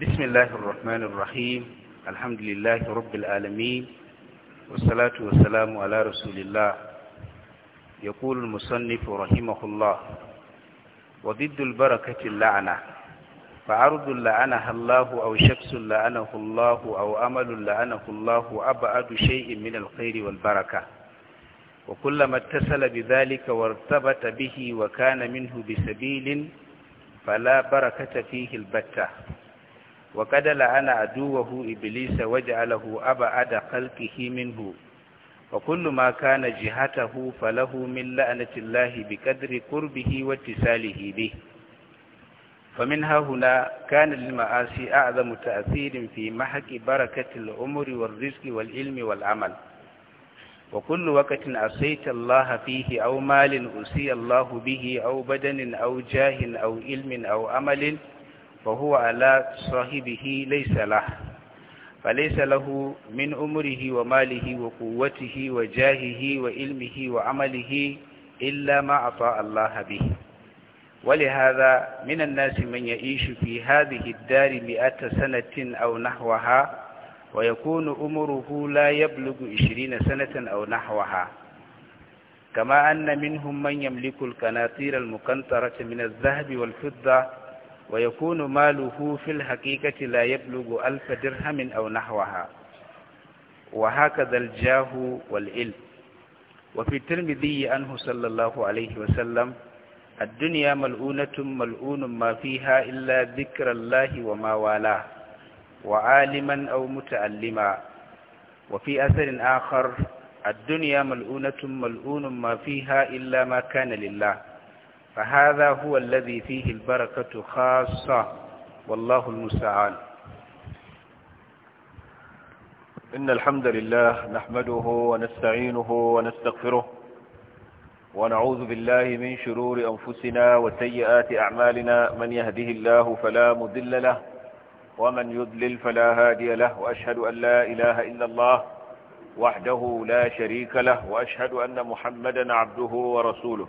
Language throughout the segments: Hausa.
بسم الله الرحمن الرحيم الحمد لله رب العالمين والصلاة والسلام على رسول الله يقول المصنف رحمه الله وضد البركة اللعنة فعرض لعنها الله أو شخص لعنه الله أو أمل لعنه الله أبعد شيء من الخير والبركة وكلما اتصل بذلك وارتبط به وكان منه بسبيل فلا بركة فيه البتة وقد لعن عدوه إبليس وجعله أبعد خلقه منه وكل ما كان جهته فله من لعنة الله بقدر قربه واتصاله به فمنها هنا كان للمعاصي أعظم تأثير في محك بركة العمر والرزق والعلم والعمل وكل وقت عصيت الله فيه أو مال أسي الله به أو بدن أو جاه أو علم أو أمل أو فهو على صاحبه ليس له فليس له من أمره وماله وقوته وجاهه وعلمه وعمله إلا ما أطاع الله به ولهذا من الناس من يعيش في هذه الدار مئة سنة أو نحوها ويكون أمره لا يبلغ عشرين سنة أو نحوها كما أن منهم من يملك القناطير المقنطرة من الذهب والفضة ويكون ماله في الحقيقة لا يبلغ ألف درهم أو نحوها وهكذا الجاه والعلم وفي الترمذي عنه صلى الله عليه وسلم الدنيا ملؤونة ملؤون ما فيها إلا ذكر الله وما والاه وعالما أو متعلما وفي أثر آخر الدنيا ملؤونة ملؤون ما فيها إلا ما كان لله فهذا هو الذي فيه البركة خاصة والله المستعان إن الحمد لله نحمده ونستعينه ونستغفره ونعوذ بالله من شرور أنفسنا وسيئات أعمالنا من يهده الله فلا مضل له ومن يضلل فلا هادي له وأشهد أن لا إله إلا الله وحده لا شريك له وأشهد أن محمدا عبده ورسوله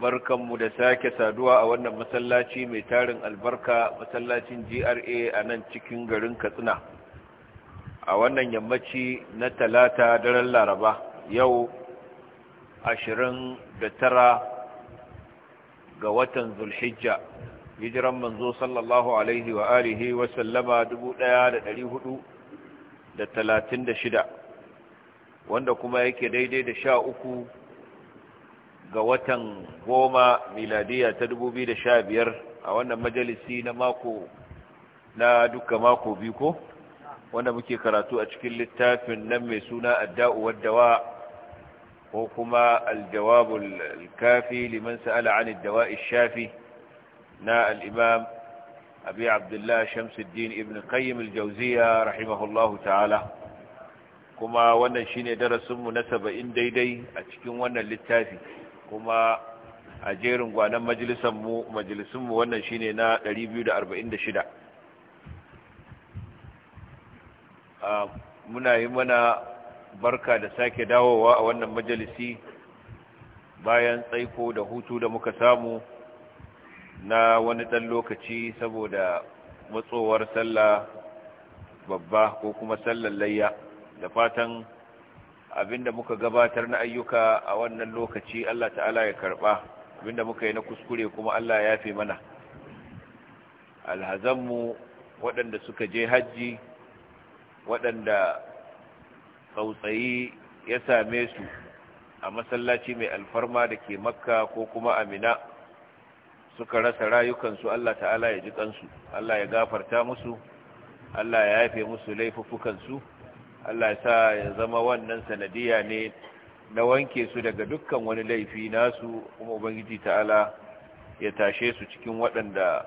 barkanmu da sake saduwa a wannan masallaci mai tarin albarka masallacin GRA a nan cikin garin Katsina a wannan yammaci na talata daren Laraba yau 29 ga watan Zulhijja hijiran manzo sallallahu alaihi wa alihi wa sallama 1436 wanda kuma yake daidai da sha uku. ga watan goma miladiya ta 2015 a wannan majalisi na mako na duka mako biyu ko wanda muke karatu a cikin littafin nan mai suna adda'u waddawa ko kuma aljawabul kafi liman sa'ala an addawa'i shafi na al-imam abi abdullah shamsuddin ibn qayyim al rahimahullahu ta'ala kuma wannan shine darasin mu na 70 daidai a cikin wannan littafi kuma a jerin gwanan majalisanmu majalisunmu wannan shine na 246 muna yi mana barka da sake dawowa a wannan majalisi bayan tsaiko da hutu da muka samu na wani ɗan lokaci saboda matsowar sallah babba ko kuma sallar layya da fatan abinda muka gabatar na ayyuka a wannan lokaci Allah ta'ala ya karba abinda muka yi na kuskure kuma Allah ya yafe mana alhazanmu waɗanda suka je hajji waɗanda tsautsayi ya same su a masallaci mai alfarma da ke makka ko kuma amina suka rasa rayukansu Allah ta'ala ya ji kansu Allah ya gafarta musu Allah ya yafe musu laifuffukansu Allah ya sa ya zama wannan sanadiyya ne na wanke su daga dukkan wani laifi nasu kuma ubangiji ta'ala ya tashe su cikin waɗanda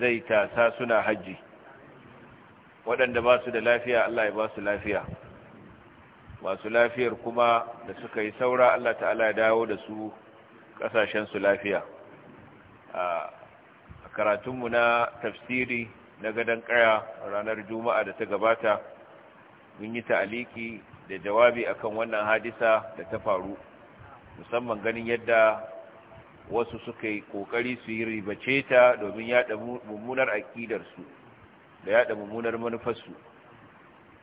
zai tasa suna hajji waɗanda ba su da lafiya Allah ya ba su lafiya masu lafiyar kuma da suka yi saura Allah ta'ala ya dawo da su su lafiya a karatunmu na tafsiri na gadon ƙaya ranar juma'a da ta gabata mun yi ta'aliki da jawabi akan wannan hadisa da ta faru musamman ganin yadda wasu suka yi kokari su yi ribace ta domin yada mummunar aqidarsu da yada mummunar manufarsu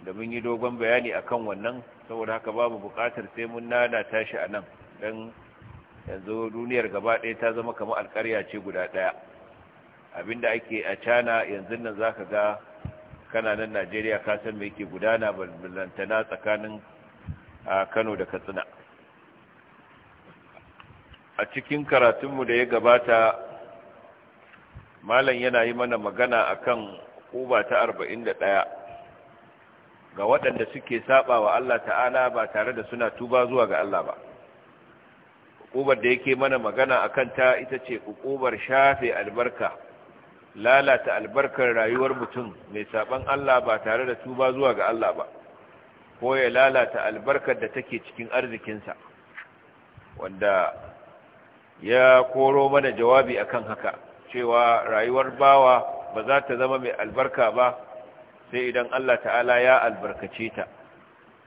da mun yi dogon bayani akan wannan saboda haka babu bukatar sai mun nana tashi a nan don yanzu duniyar gaba ɗaya ta zama kamar alƙarya ce guda ɗaya abinda ake a cana yanzu nan zaka ga kana nan najeriya ka san me yake gudana balantana tsakanin kano da katsina a cikin karatunmu da ya gabata malam yana yi mana magana akan kuba ta 41 ga waɗanda suke saba wa Allah ta'ala ba tare da suna tuba zuwa ga Allah ba ƙubar da yake mana magana akan ta ita ce kubar shafe albarka lalata albarkar rayuwar mutum mai saban Allah ba tare da tuba zuwa ga Allah ba ko ya lalata albarkar da take cikin arzikinsa wanda ya koro mana jawabi akan haka cewa rayuwar bawa ba za ta zama mai albarka ba sai idan Allah ta'ala ya albarkace ta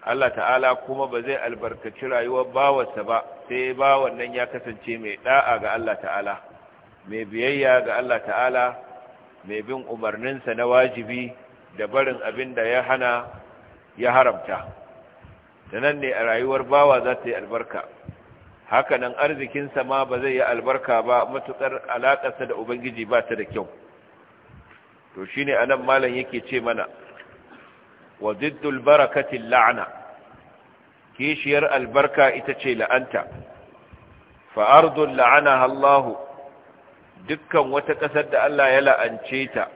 Allah ta'ala kuma ba zai albarkaci rayuwar bawarsa ba sai bawan nan ya kasance mai da'a ga Allah ta'ala mai biyayya ga Allah ta'ala mai bin umarninsa na wajibi da barin abin da ya hana ya haramta da nan ne a rayuwar bawa za ta yi albarka hakanan arzikinsa ma ba zai yi albarka ba matuƙar alaƙarsa da ubangiji ba ta da kyau to shi ne a nan malam yake ce mana wa ziddul barakatin la'ana kishiyar albarka ita ce la'anta fa'ardun la'ana Allahu dukkan wata ƙasar da Allah ya la'ance ta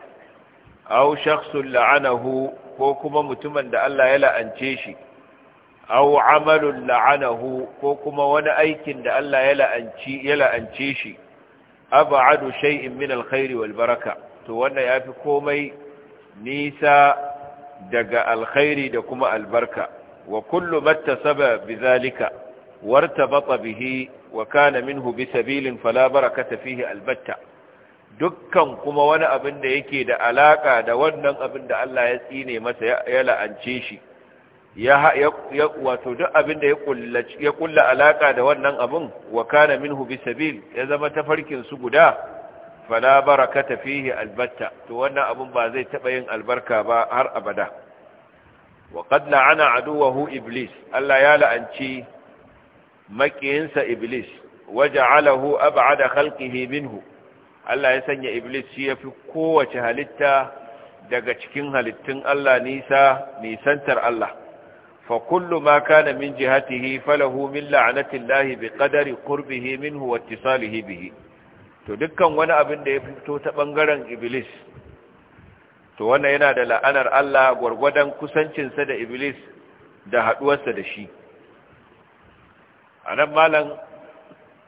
au shakhsun la'anahu ko kuma mutumin da Allah ya la'ance shi au amalun la'anahu ko kuma wani aikin da Allah ya ya la'ance shi ab'adu shay'in min alkhairi wal baraka to wannan yafi komai nisa daga alkhairi da kuma albarka wa kullu mattasaba bizalika wartabata bihi wa kana minhu bi sabilin fala barakata fihi albatta dukkan kuma wani abin da yake da alaka da wannan abin da Allah ya tsine masa ya la'ance shi ya ya wato duk abin da ya kulla ya kulla alaka da wannan abin wa kana minhu bi sabil ya zama tafarkin su guda fala barakata fihi albatta to wannan abin ba zai taba yin albarka ba har abada wa qad la'ana aduwahu iblis Allah ya la'anci makiyinsa iblis ab'a da halkihi minhu Allah ya sanya iblis shi ya fi kowace halitta daga cikin halittun Allah nisa nisantar Allah fa kullu ma kana min jihatihi falahu min la'natillahi biqadari qurbihi minhu wa ittisalihi bihi to dukkan wani abin da ya fito ta bangaren iblis to wannan yana da la'anar Allah gwargwadon kusancinsa da iblis da haduwarsa da shi a nan malam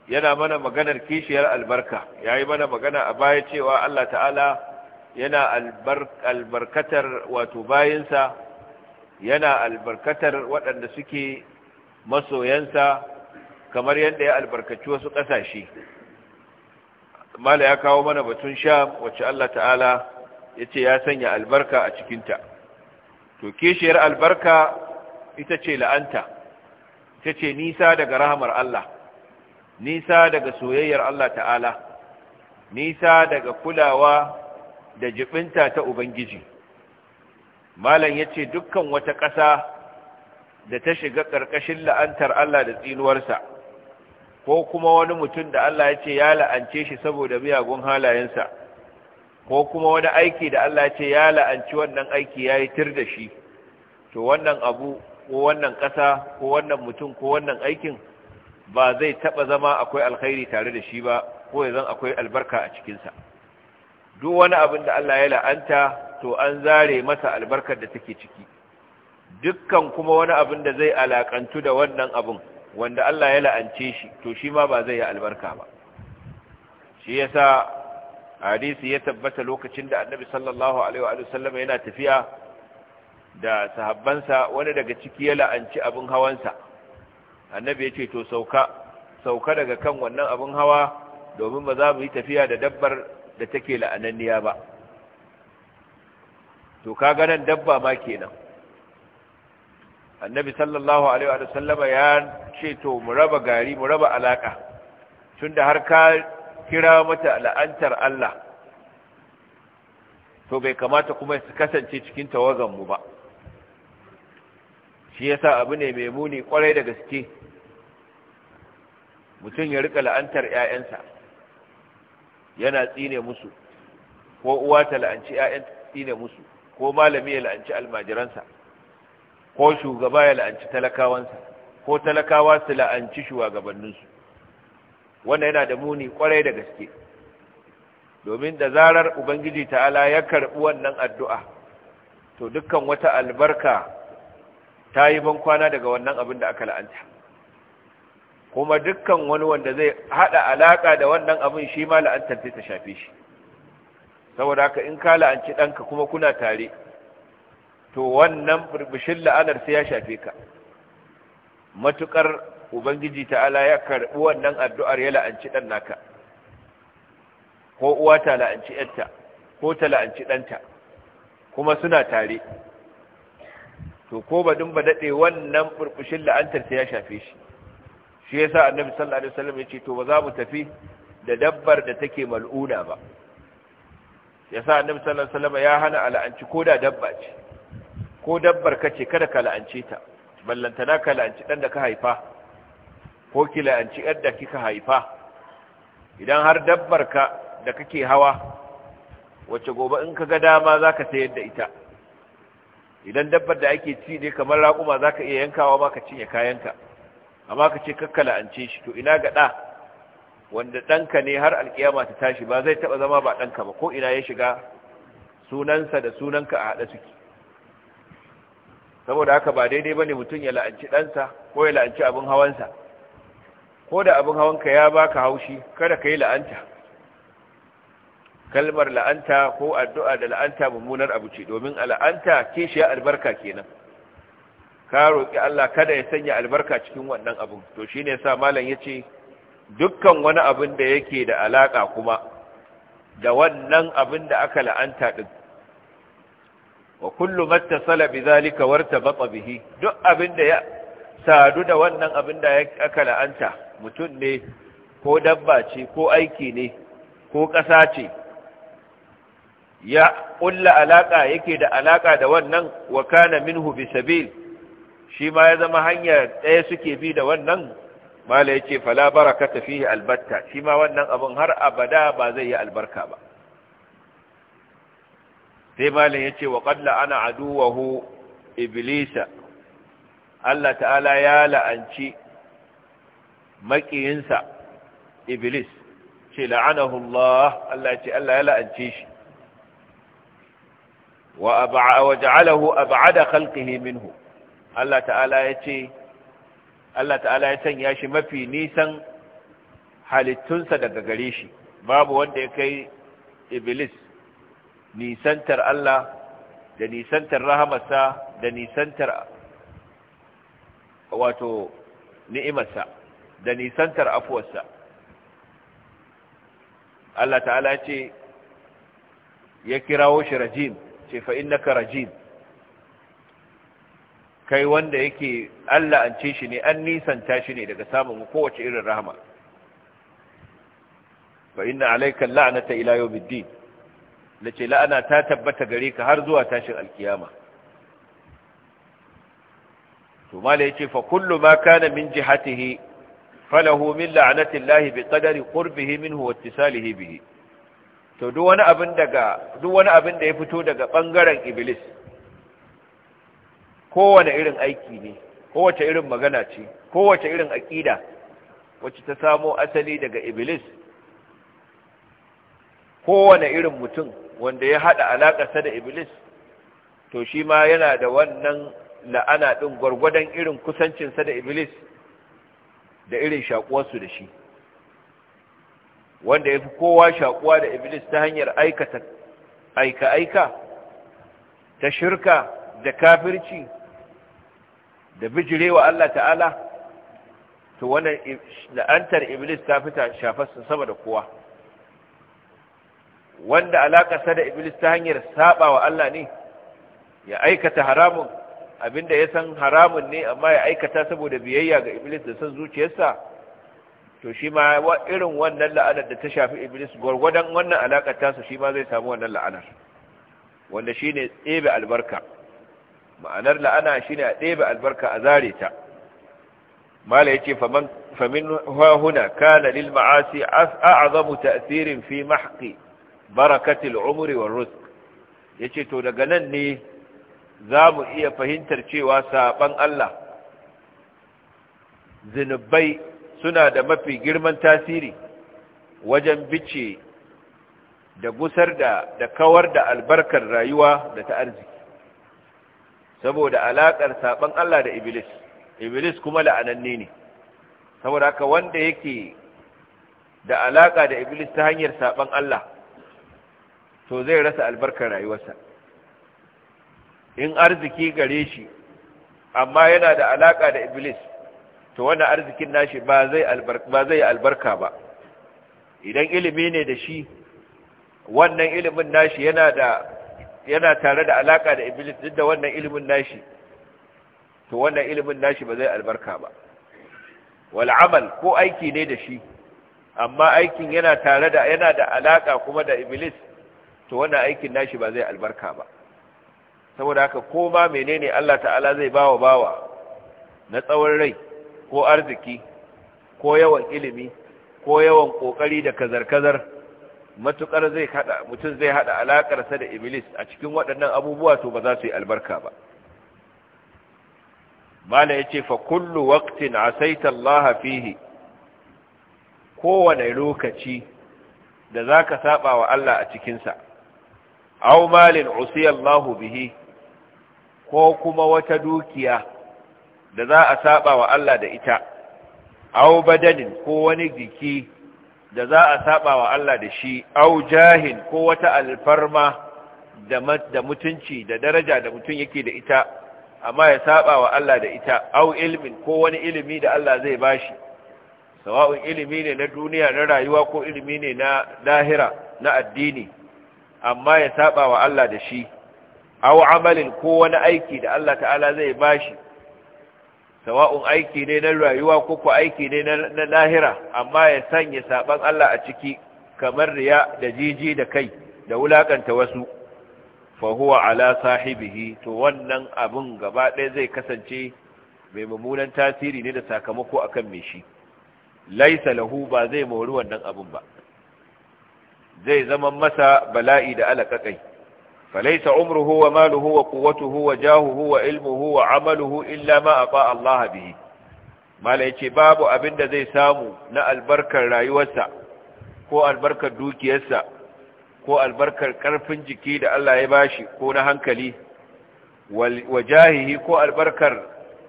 yana mana maganar kishiyar albarka ya yi mana magana a baya cewa Allah ta'ala yana albarkatar wato bayansa yana albarkatar waɗanda suke masoyansa kamar yadda ya albarkaci wasu ƙasashe mala ya kawo mana batun sha wacce Allah ta'ala ya ce ya sanya albarka a cikinta to kishiyar albarka ita ce la'anta ta ce nisa daga rahamar Allah nisa daga soyayyar Allah ta'ala nisa daga kulawa da jibinta ta ubangiji malam ya ce dukkan wata ƙasa da ta shiga ƙarƙashin la'antar Allah da tsinuwarsa ko kuma wani mutum da Allah ya ce ya la'ance shi saboda miyagun halayensa ko kuma wani aiki da Allah ya ce ya la'anci wannan aiki ya yi tir da shi to wannan abu ko wannan ƙasa ko wannan mutum ko wannan aikin ba zai taɓa zama akwai alkhairi tare da shi ba ko ya zan akwai albarka a cikinsa duk wani abin da Allah ya la'anta to an zare masa albarkar da take ciki dukkan kuma wani abin da zai alakantu da wannan abin wanda Allah ya la'ance shi to shi ma ba zai yi albarka ba shi yasa hadisi ya tabbata lokacin da annabi sallallahu alaihi wa sallam yana tafiya da sahabbansa wani daga ciki ya la'anci abin hawansa annabi ya ce to sauka sauka daga kan wannan abin hawa domin ba za mu yi tafiya da dabbar da take la'ananniya ba to kaga nan dabba ma kenan annabi sallallahu alaihi wa sallama ya ce to mu raba gari mu raba alaka tunda har ka kira mata la'antar Allah to bai kamata kuma su kasance cikin tawagan mu ba shi sa abu ne mai muni kwarai da gaske mutum ya rika la'antar 'ya'yansa yana tsine musu ko uwa ta la'anci 'ya'yan tsine musu ko malami ya la'anci almajiransa ko shugaba ya la'anci talakawansa ko talakawa su la'anci shugabanninsu wannan yana da muni kwarai da gaske domin da zarar ubangiji ta'ala ya karɓi wannan addu'a to dukkan wata albarka ta yi bankwana daga wannan abin da aka la'anta kuma dukkan wani wanda zai hada alaka da wannan abin shi ma la'antar sai ta shafe shi saboda haka in ka la'anci ɗanka kuma kuna tare to wannan burbushin la'anar sai ya shafe ka matukar ubangiji ta'ala ya karɓi wannan addu'ar ya la'anci ɗan naka ko uwa ta la'anci ‘yarta ko ta la'anci ɗanta kuma suna tare to ko badin ba dade wannan burbushin la'antar ta ya shafe shi shi yasa annabi sallallahu alaihi wasallam yace to ba za mu tafi da dabbar da take mal'una ba yasa annabi sallallahu alaihi wasallam ya hana al'anci ko da dabba ce ko dabbar kace kada ka la'ance ta ballantana ka la'anci dan da ka haifa ko ki la'anci yar da kika haifa idan har dabbar ka da kake hawa wacce gobe in ka ga dama zaka sayar da ita idan dabbar da ake ci ne kamar raƙuma za ka iya yankawa ma ka cinye kayanka amma ka ce kakkala an ce shi to ina ga ɗa wanda ɗanka ne har alƙiyama ta tashi ba zai taɓa zama ba ɗanka ba ko ina ya shiga sunansa da sunanka a haɗa suke saboda haka ba daidai ba ne mutum ya la'anci ɗansa ko ya la'anci abin hawansa ko da abin hawanka ya baka haushi kada ka yi la'anta kalmar la'anta ko addu'a da la'anta mummunar abu ce domin la'anta kishiya albarka kenan ka roƙi Allah kada ya sanya albarka cikin wannan abin to shine yasa malam yace dukkan wani abin da yake da alaka kuma da wannan abin da aka la'anta din wa kullu mattasala warta wartabata bihi duk abin da ya sadu da wannan abin da aka la'anta mutum ne ko dabba ce ko aiki ne ko ƙasa ce ya kulla alaka yake da alaka da wannan wa kana minhu bisabil shi ma ya zama hanya ɗaya suke bi da wannan mala yace fala barakata fihi albatta shi ma wannan abun har abada ba zai yi albarka ba sai malin yace wa qad ana aduwahu iblisa Allah ta'ala ya la'anci makiyinsa iblis ce la'anahu Allah Allah ce Allah ya la'ance shi wa ja'alahu ab'ada khalqihi minhu Allah ta'ala ya Allah ta'ala ya sanya shi mafi nisan halittunsa daga gare shi babu wanda ya kai iblis nisantar Allah da nisantar rahamarsa da nisantar afuwarsa Allah ta'ala ya kirawo shi rajim ce fa innaka rajim kai wanda yake Allah an ce shi ne an nisanta shi ne daga samun kowace irin rahama fa inna alayka la'nata ila yawmiddin lace la'ana ta tabbata gare ka har zuwa tashin alkiyama to mala yace fa kullu ma kana min jihatihi falahu min la'nati Allah biqadari qurbihi minhu wa ittisalihi bihi to duk wani abin da ya fito daga bangaren iblis kowane irin aiki ne kowace irin magana ce kowace irin aƙida wacce ta samo asali daga iblis kowane irin mutum wanda ya haɗa alaƙarsa da iblis to shi ma yana da wannan la'ana ɗin gwargwadon irin kusancinsa da iblis da irin shaƙuwarsu da shi wanda ya fi kowa shakuwa da iblis ta hanyar aika aika ta shirka da kafirci da bijirewa Allah ta'ala to wannan la'antar iblis ta fita shafarsa sama da kowa wanda alakarsa da iblis ta hanyar saba wa Allah ne ya aikata haramun abinda ya san haramun ne amma ya aikata saboda biyayya ga iblis da san zuciyarsa to shi ma irin wannan la'anar da ta shafi iblis gwargwadon wannan alaƙar tasa shi ma zai samu wannan la'anar wanda shi ne tsebe albarka ma'anar la'ana shi ne a tsebe albarka a zare ta mala ya ce famin huna kana lil ma'asi a'azamu ta'sirin fi mahqi barakatil umri war rizq yace to daga nan ne za mu iya fahimtar cewa saban Allah zinubai suna da mafi girman tasiri wajen bice da gusar da da kawar da albarkar rayuwa da ta arziki saboda alakar saban Allah da iblis iblis kuma la'ananne ne saboda haka wanda yake da alaka da iblis ta hanyar saban Allah to zai rasa albarkar rayuwarsa in arziki gare shi amma yana da alaka da iblis to wannan arzikin nashi ba zai ba zai albarka ba idan ilimi ne da shi wannan ilimin nashi yana da yana tare da alaka da iblis duk da wannan ilimin nashi to wannan ilimin nashi ba zai albarka ba wal amal ko aiki ne da shi amma aikin yana tare da yana da alaka kuma da iblis to wannan aikin nashi ba zai albarka ba saboda haka ko ba menene Allah ta'ala zai bawa bawa na tsawon rai ko arziki ko yawan ilimi ko yawan kokari da kazar-kazar matukar zai hada mutum zai hada alakarsa da iblis a cikin waɗannan abubuwa to ba za su yi albarka ba mala yace fa kullu waqtin asaita Allah fihi kowane lokaci da zaka saba wa Allah a cikin sa aw malin usiya Allah bihi ko kuma wata dukiya da za a saba wa Allah da ita au badanin ko wani jiki da za a saba wa Allah da shi Au jahin ko wata alfarma da mutunci da daraja da mutum yake da ita amma ya saba wa Allah da ita Au ilmin ko wani ilimi da Allah zai bashi sawa'un ilimi ne na duniya na rayuwa ko ilimi ne na dahira na addini amma ya saba wa Allah da shi Au amalin ko wani aiki da Allah ta'ala zai bashi sawa'un aiki ne na rayuwa ko ko aiki ne na lahira amma ya sanya saban Allah a ciki kamar riya da jiji da kai da wulakanta wasu fa huwa ala sahibihi to wannan abun gaba ɗaya zai kasance mai mummunan tasiri ne da sakamako akan me shi laisa lahu ba zai mori wannan abun ba zai zama masa bala'i da alaƙaƙai. فليس عمره وماله وقوته وجاهه وعلمه وعمله إلا ما أطاع الله به ما ليش باب أبن ذي سامو نا البركة رايوسا كو البركة دوكيسا كو البركة كرفن جكيد الله يباشي كو نهنكلي وجاهه كو البركة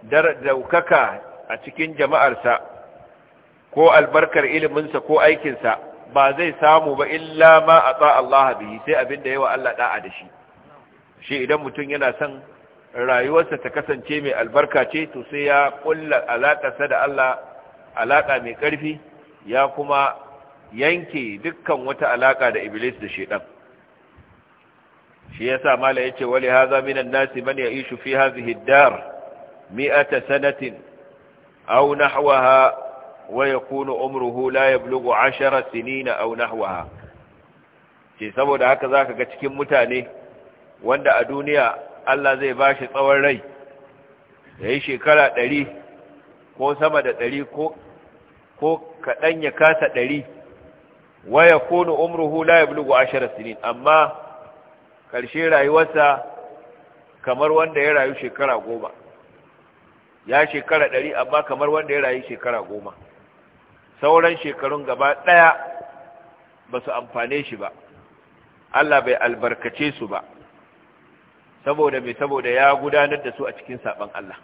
در دوككا أتكين جماعة سا كو البركة إلمنسا كو أيكنسا ba zai samu ba illa ma a tsa Allah bihi sai abin da yawa Allah da'a da shi shi idan mutum yana son rayuwarsa ta kasance mai albarka ce to sai ya kulla alaƙarsa da Allah alaƙa mai ƙarfi ya kuma yanke dukkan wata alaƙa da iblis da shedan shi yasa mala yace wali hadha minan nasi man ya'ishu fi hadhihi ad-dar mi'ata sanatin aw nahwaha ويكون عمره umruhu يبلغ 10 sinina aw ce saboda haka zaka ga cikin mutane wanda a duniya Allah zai bashi tsawon rai yayi shekara 100 ko sama da 100 ko ko kadan ya kasa 100 wa yakunu umruhu la yablughu 10 amma karshe rayuwarsa kamar wanda ya rayu shekara goma ya shekara dari amma kamar wanda ya rayu shekara goma sauran shekarun gaba ɗaya ba su amfane shi ba Allah bai albarkace su ba saboda mai saboda ya gudanar da su a cikin saɓen Allah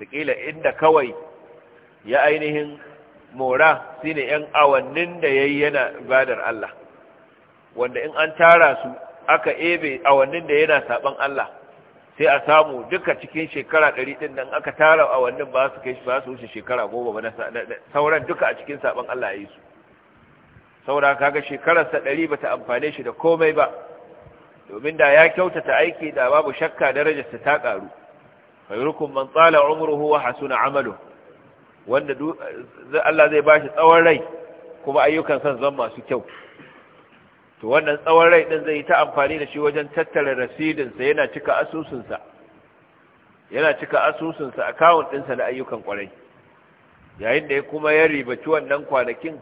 taƙila inda kawai ya ainihin mora shine ne ‘yan awannin da ya yi yana ibadar Allah wanda in an tara su aka ebe awannin da yana saɓen Allah sai a samu duka cikin shekara ɗari ɗin nan aka tara a wannan ba su kai ba su wuce shekara goma ba na sauran duka a cikin sabon Allah ya yi su saura kaga shekararsa ɗari ba ta amfane shi da komai ba domin da ya kyautata aiki da babu shakka sa ta karu khairukum man tala umruhu wa hasuna amalu wanda Allah zai bashi tsawon rai kuma ayyukan san zan masu kyau to wannan tsawon rai ɗin zai yi ta amfani da shi wajen tattara rasidinsa yana cika asusunsa yana cika asusunsa ɗinsa na ayyukan ƙwarai, yayin da ya kuma ya ribaci wannan kwanakin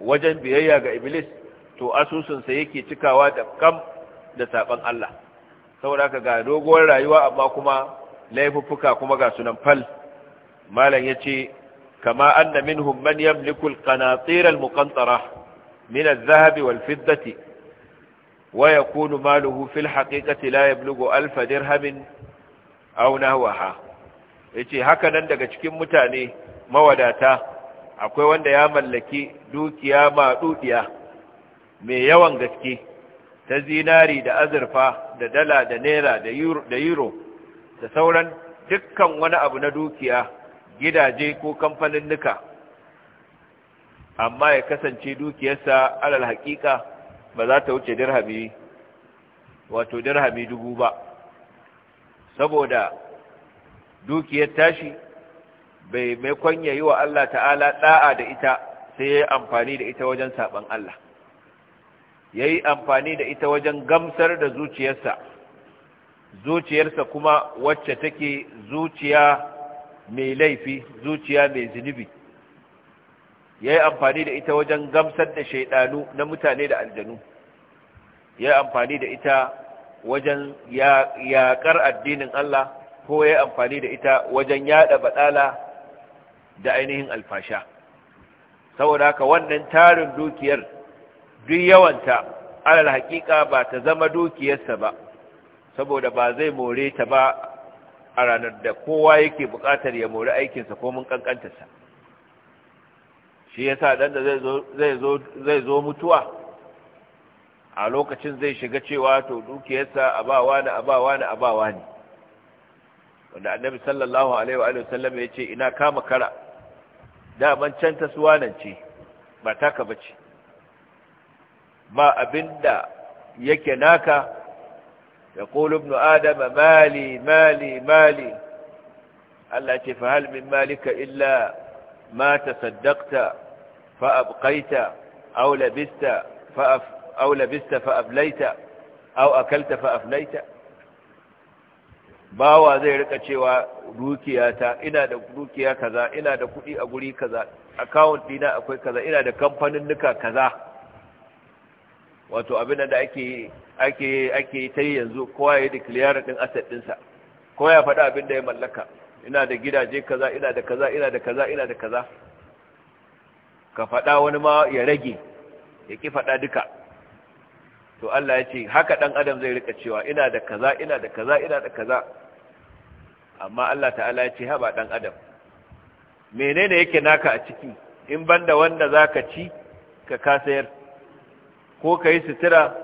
wajen biyayya ga iblis to asusunsa yake cikawa da kam da saban Allah saboda haka ga doguwar rayuwa amma kuma laifuffuka kuma ga sunan fal malam ya ce, kama anna minhum man Kana tseren qanatir من الذهب والفضة ويكون ماله في الحقيقة لا يبلغ ألف درهم أو نهوها yace haka nan daga cikin mutane mawadata akwai wanda ya mallaki dukiya ma dudiya mai yawan gaske ta zinari da azurfa da dala da naira da euro da sauran dukkan wani abu na dukiya gidaje ko kamfanin nuka amma ya kasance dukiyarsa alal haƙiƙa ba za ta wuce dirhami wato dirhami dubu ba saboda dukiyar tashi bai maikon ya yi wa Allah ta'ala ɗa'a da ita sai ya yi amfani da ita wajen saɓan Allah ya yi amfani da ita wajen gamsar da zuciyarsa zuciyarsa kuma wacce take zuciya mai laifi zuciya mai zunubi ya yi amfani da ita wajen gamsar da shaidanu na mutane da aljanu yayi yi amfani da ita wajen yaƙar addinin Allah ko ya yi amfani da ita wajen yaɗa baɗala da ainihin alfasha saboda haka wannan tarin dukiyar duk yawanta alal haƙiƙa ba ta zama dukiyarsa ba saboda ba zai more ta ba a ranar da kowa yake buƙatar ya more aikinsa ko mun ƙanƙantarsa shi yasa ɗan da zai zo mutuwa a lokacin zai shiga cewa to dukiyarsa abawa ne abawa ne abawa ne wanda annabi sallallahu alaihi wa sallam ya ce ina kama kara daman can ta nan ce ba taka bace ba abinda yake naka ya qulu ibnu adama mali mali mali Allah ce fa hal min malika illa ma tasaddaqta فأبقيت أو لبست فأف أو لبست فأبليت أو أكلت فأفليت bawa zai rika cewa dukiyata ina da dukiya kaza ina da kuɗi a guri kaza account dina akwai kaza ina da kamfanin nuka kaza wato abin da ake ake ake ta yanzu kowa ya declare din asset dinsa kowa ya faɗa abin da ya mallaka ina da gidaje kaza ina da kaza ina da kaza ina da kaza ka faɗa wani ma ya rage ya ki faɗa duka to Allah ya ce haka ɗan adam zai rika cewa ina da kaza ina da kaza ina da kaza amma Allah ta'ala ya ce haba ɗan adam menene yake naka a ciki in banda wanda za ka ci ka kasayar ko ka yi sutura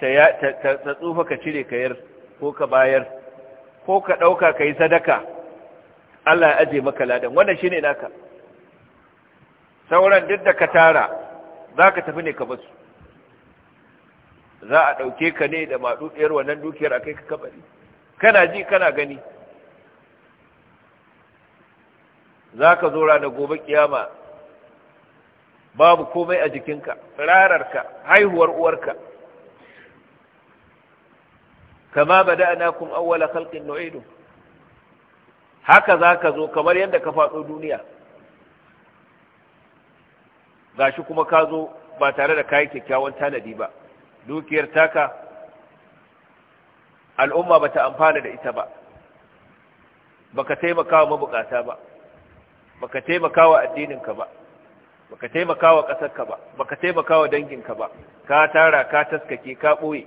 ta tsufa ka cire ka yar, ko ka bayar ko ka ɗauka ka yi sadaka Allah ya aje maka ladan wannan shi ne naka sauran duk da ka tara za ka tafi ne ka basu za a ɗauke ka ne da maɗuɗiyar wannan dukiyar a kai ka kabari kana ji kana gani za ka zo ranar gobe kiyama babu komai a jikinka rararka haihuwar uwarka kama ba da awwala khalqin nu'idu haka za ka zo kamar yadda ka faɗo duniya gashi kuma ka zo ba tare da kayi kyakkyawan tanadi ba dukiyar taka al'umma ba ta amfana da ita ba baka taimaka wa mabukata ba baka taimaka wa addininka ba baka taimaka wa ƙasarka ba baka taimaka wa danginka ba ka tara ka taskake ka ɓoye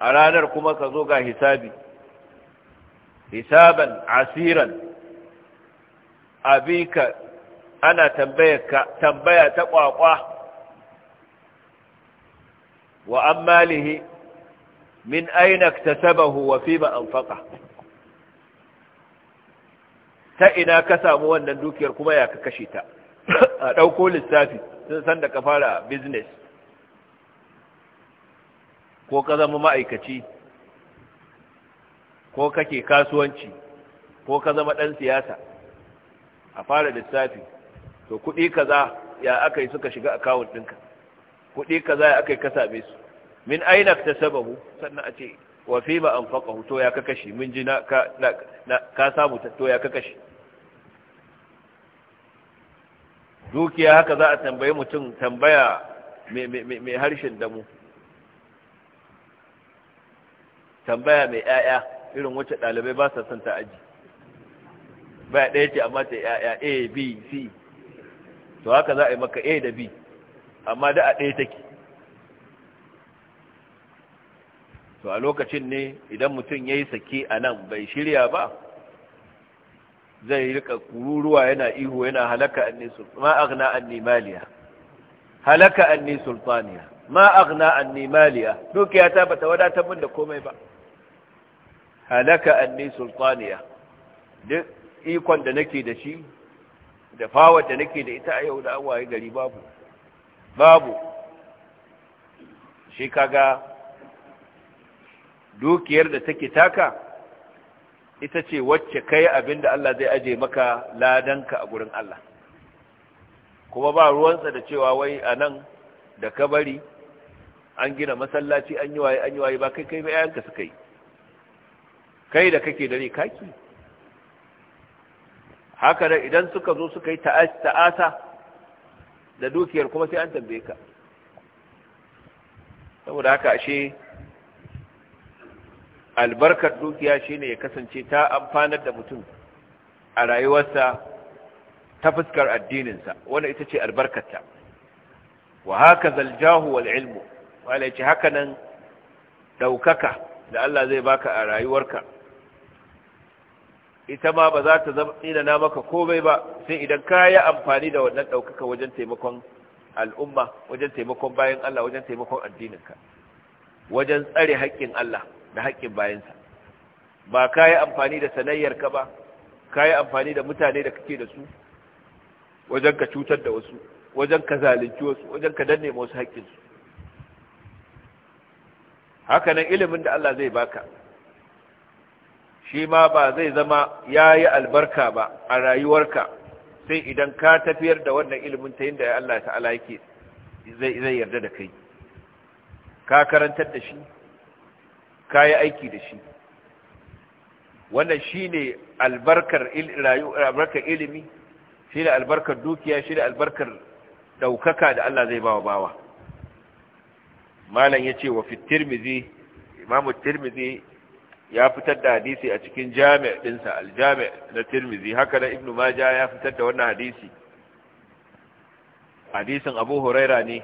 a ranar kuma ka zo ga hisabi hisaban asiran abika ana tambaya ta kwakwa wa an malihi min aina ktasabahu wa fi ba anfaqa ta ina ka samu wannan dukiyar kuma ya ka kashe ta a ɗauko lissafi sun san da ka fara business ko ka zama ma'aikaci ko kake kasuwanci ko ka zama ɗan siyasa a fara lissafi to kuɗi kaza ya aka yi suka shiga akawun ɗinka kuɗi kaza ya aka yi ka same su min aina ta sababu sannan a ce wa fi ma an to ya ka kashi min ji ka samu to ya ka kashi dukiya haka za a tambaye mutum tambaya mai harshen damu tambaya mai 'ya'ya irin wacce ɗalibai ba sa son ta aji ba ɗaya ce amma ta 'ya'ya a b c to haka za a yi maka a da b amma da a ɗaya take to a lokacin ne idan mutum ya yi sake a nan bai shirya ba zai rika kururuwa yana ihu yana halaka an ma'agna an anni halaka an anni sultaniya ma'agna an anni dukiya ta bata wadatar min da komai ba halaka anni sultaniya duk ikon da nake da shi da fawar da nake da ita a yau da awaye gari babu babu shi kaga dukiyar da take taka ita ce wacce kai abinda Allah zai aje maka ladanka a gurin Allah kuma ba ruwansa da cewa wai a nan da kabari an gina masallaci an yi waye an yi waye ba kai kai ba yayanka suka yi kai da kake dare kaki haka da idan suka zo suka yi ta'asa da dukiyar kuma sai an tambaye ka saboda haka ashe albarkar dukiya shine ya kasance ta amfanar da mutum a rayuwarsa ta fuskar addininsa wanda ita ce albarkarta wa haka zaljahu wal ilmu wala ce haka nan daukaka da Allah zai baka a rayuwarka ita ma ba za ta zama na maka komai ba sai idan ka yi amfani da wannan ɗaukaka wajen taimakon al'umma wajen taimakon bayan Allah wajen taimakon addininka wajen tsare haƙƙin Allah da haƙƙin bayansa ba ka yi amfani da sanayyarka ba ka yi amfani da mutane da kake da su wajen ka cutar da wasu wajen ka zalunci wasu wajen ka danne wasu haƙƙinsu haka nan ilimin da Allah zai baka shi ma ba zai zama ya yi albarka ba a rayuwarka sai idan ka tafiyar da wannan ilimin ta yadda Allah ta'ala yake zai yarda da kai ka karantar da shi ka yi aiki da shi wannan shi ne albarkar ilimi shi ne albarkar dukiya shi ne albarkar ɗaukaka da Allah zai ba wa bawa malam ya ce wa fi tirmizi imamu tirmizi ya fitar da hadisi a cikin jami'a dinsa al-jami' na tirmizi haka da ibnu majah ya fitar da wannan hadisi hadisin abu huraira ne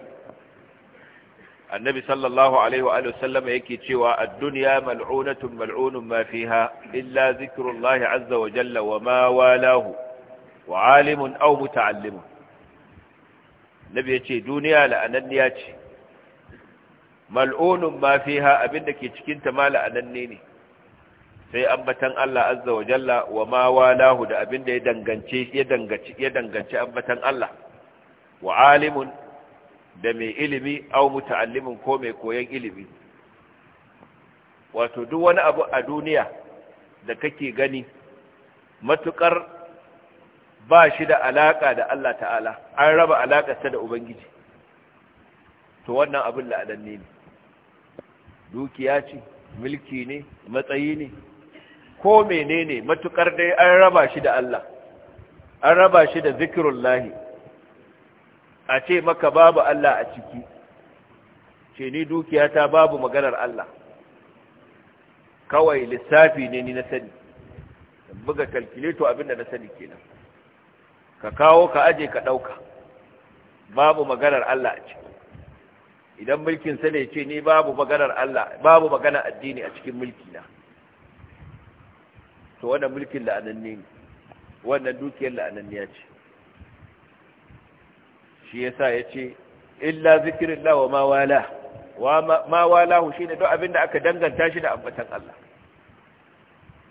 annabi sallallahu alaihi wa sallama yake cewa ad-dunya mal'unatun mal'unun ma fiha illa zikrullah azza wa jalla wa ma walahu wa alimun aw muta'allim nabi yace duniya la'ananniya ce mal'unun ma fiha abinda ke cikin ta ma la'ananne ne sai ambatan Allah azza wa jalla wa ma walahu da abinda ya dangance ya dangaci ya ambatan Allah wa alimun da mai ilimi au muta'allimin ko mai koyan ilimi wato duk wani abu a duniya da kake gani matukar ba shi da alaka da Allah ta'ala an raba ta da ubangiji to wannan abin la'adanni ne dukiya ce mulki ne matsayi ne ko menene matukar dai an raba shi da Allah an raba shi da zikirullahi a ce maka babu Allah a ciki ce ni dukiyata babu maganar Allah kawai lissafi ne ni na sani buga kalkileto abinda na sani kenan ka kawo ka aje ka ɗauka babu maganar Allah a ciki idan mulkin sa ne ce ni babu maganar Allah babu magana addini a cikin mulkina na to wannan mulkin la'ananne ne wannan dukiyar ya ce shi ya sa ya ce illa zikirin lawa mawala. wala wa ma walahu shine duk abinda aka danganta shi da ambatan Allah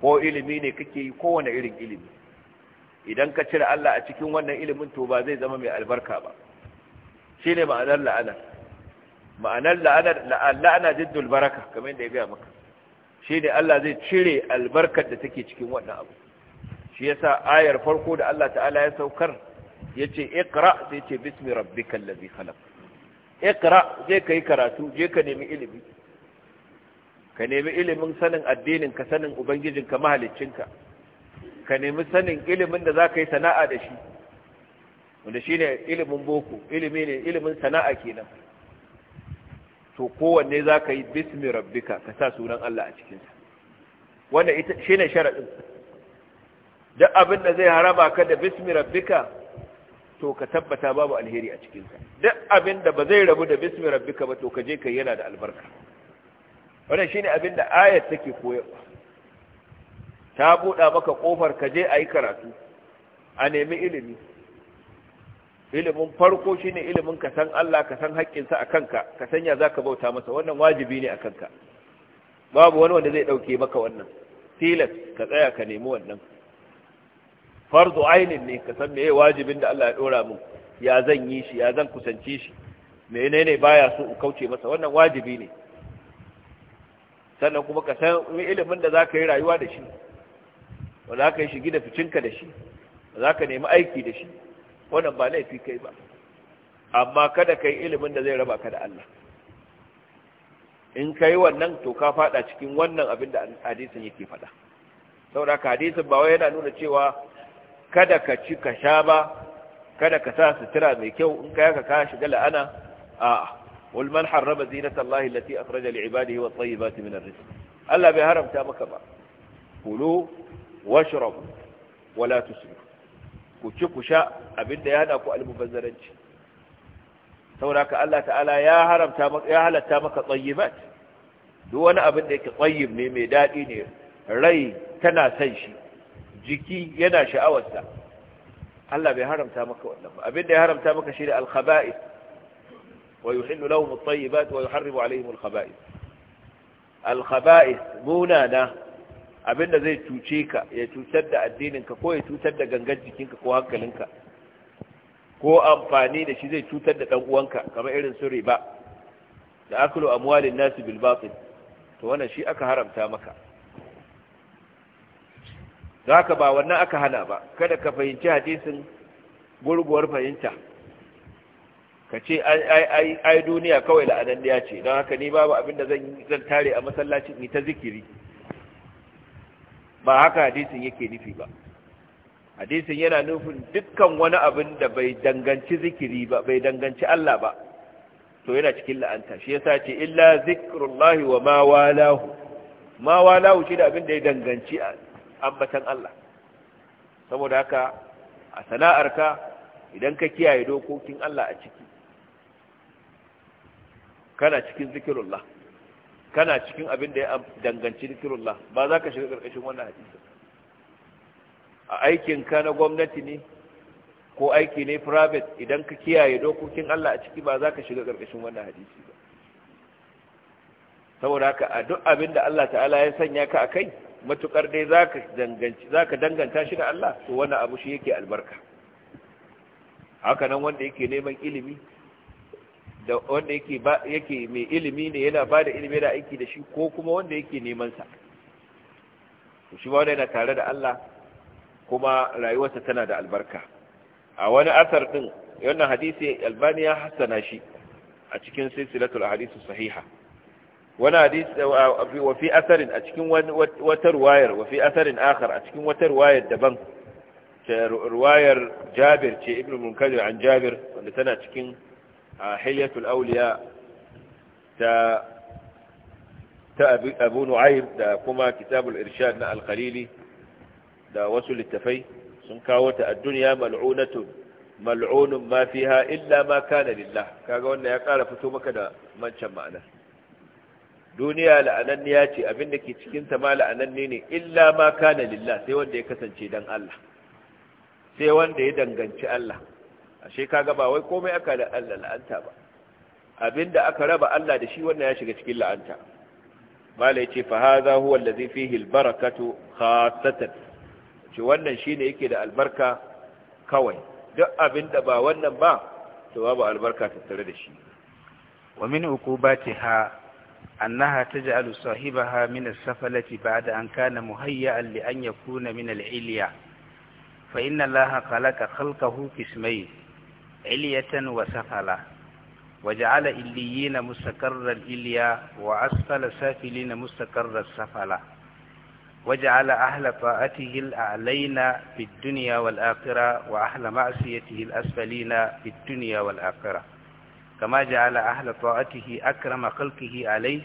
ko ilimi ne kake yi kowane irin ilimi idan ka cire Allah a cikin wannan ilimin to ba zai zama mai albarka ba Shi ne ma'anar la'ana ma'anar la'ana la'ana jiddul baraka kamar yadda ya gaya maka shi ne Allah zai cire albarkar da take cikin wannan abu shi yasa ayar farko da Allah ta'ala ya saukar ya ce ikra zai ce bismi kalla zai khalaq ikra ka kai karatu je ka nemi ilimi ka nemi ilimin sanin addinin ka sanin ubangijinka mahaliccinka ka nemi sanin ilimin da za ka yi sana'a da shi wanda shi ne ilimin boko ilimi ne ilimin sana'a kenan to kowanne za ka yi bismi rabbika ka sa sunan Allah a cikinsa wanda ita shi ne sharaɗin duk abin da zai haraba ka da bismi rabbika to ka tabbata babu alheri a cikinsa duk abin da ba zai rabu da bismi rabbika ba to ka je ka yana da albarka wannan shi ne abin da ayat take koyarwa ta buɗa maka ƙofar ka je a yi karatu a nemi ilimi ilimin farko shine ilimin ka san Allah ka san haƙƙinsa a kanka ka sanya zaka bauta masa wannan wajibi ne a kanka babu wani wanda zai ɗauke maka wannan tilas ka tsaya ka nemi wannan farzu ainin ne ka san meye wajibin da Allah ya ɗora mu ya zan yi shi ya zan kusanci shi menene baya so in kauce masa wannan wajibi ne sannan kuma ka san ilimin da zaka yi rayuwa da shi za ka yi shigi da ficinka da shi za ka nemi aiki da shi wannan ba laifi kai ba amma kada kai ilimin da zai raba ka da Allah in kai wannan to ka fada cikin wannan abin da hadisin yake fada saboda hadisin ba wai yana nuna cewa kada ka ci ka sha ba kada ka sa sutura mai kyau in kai ka ka shiga la'ana a'a wal man harrama zinata Allah allati akhraja li ibadihi wat tayyibati min ar-rizq Allah bai haramta maka ba kulu washrabu wala tusrifu ku ci ku sha abinda ya hada ku almubazzaranci saboda ka Allah ta'ala ya haramta maka ya halatta maka tayyibat duk wani abin da yake tayyib ne mai dadi ne rai tana san shi jiki yana sha'awar sa Allah bai haramta maka wannan ba abin da ya haramta maka shi ne al-khaba'ith wa yuhillu lahum at-tayyibat wa yuharribu alayhim al-khaba'ith al-khaba'ith munana Abin da zai cuce ka ya cutar da addininka ko ya cutar da gangar jikinka ko hankalinka ko amfani da shi zai cutar da uwanka kamar irin su riba da akulu amwalin nasu bilbatin to wannan shi aka haramta maka za ka ba wannan aka hana ba kada ka fahimci hadisin gurguwar fahimta ka ce ai duniya kawai ya ce don haka ni babu abin da zan tare a masallaci masallacin ta zikiri ba haka hadisin yake nufi ba hadisin yana nufin dukkan wani abin da bai danganci zikiri ba bai danganci Allah ba to yana cikin la'anta shi yasa ce illa zikrullahi wa ma walahu ma walahu shi da abin da ya danganci ambatan Allah saboda haka a sana'arka idan ka kiyaye dokokin Allah a ciki kana cikin zikirullah kana cikin abin da ya danganci dikirullah ba za ka shiga ƙarƙashin wannan hadisi a aikin ka na gwamnati ne ko aiki ne private idan ka kiyaye dokokin Allah a ciki ba za ka shiga ƙarƙashin wannan hadisi ba saboda haka a duk abin da Allah ta'ala ya sanya ka a kai matukar dai za ka danganta shi da Allah to wannan abu shi yake albarka haka nan wanda yake neman ilimi da wanda yake mai ilimi ne yana ba da ilimi da aiki da shi ko kuma wanda yake neman sa to shi wanda yana tare da Allah kuma rayuwarsa tana da albarka a wani asar din wannan hadisi Albani ya hassana shi a cikin silsilatul ahadithu sahiha wani hadisi wa fi asarin a cikin wata ruwayar wa fi asarin akhar a cikin wata ruwayar daban ruwayar Jabir ce Ibn Munkadir an Jabir wanda tana cikin hilyatul auliya ta ta abu nu'aym da kuma kitabul irshad na al-khalili da wasu littafai sun kawo ta ad-dunya mal'unatun mal'unun ma fiha illa ma kana lillah kaga wanda ya kara fito maka da mancan ma'ana duniya la'ananniya ce abin da ke cikin ta ma la'ananne ne illa ma kana lillah sai wanda ya kasance dan Allah sai wanda ya danganci Allah ashe kaga ba wai komai aka la'anta ba abinda aka raba Allah da shi wannan ya shiga cikin la'anta mala yace fa hadha huwa allazi fihi albarakatu khassatan ce wannan shine yake da albarka kawai duk abinda ba wannan ba to babu albarka tattare da shi wa min uqubatiha annaha taj'alu sahibaha min as-safalati ba'da an kana muhayyan li an yakuna min al-ilya fa inna allaha khalaqa khalqahu qismayn علية وسفلا وجعل إليين مستقر الإليا وأسفل سافلين مستقر السفلا وجعل أهل طاعته الأعلين في الدنيا والآخرة وأهل معصيته الأسفلين في الدنيا والآخرة كما جعل أهل طاعته أكرم خلقه عليه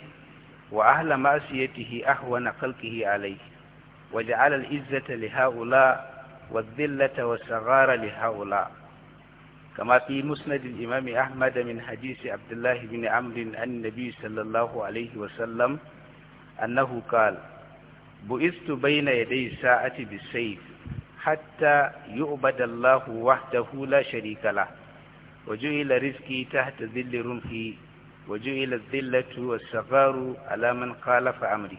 وأهل معصيته أهون خلقه عليه وجعل العزة لهؤلاء والذلة والصغار لهؤلاء كما في مسند الإمام أحمد من حديث عبد الله بن عمرو عن النبي صلى الله عليه وسلم أنه قال بئست بين يدي الساعة بالسيف حتى يعبد الله وحده لا شريك له وجعل رزقي تحت ذل رمحي وجعل الذلة والصغار على من خالف أمري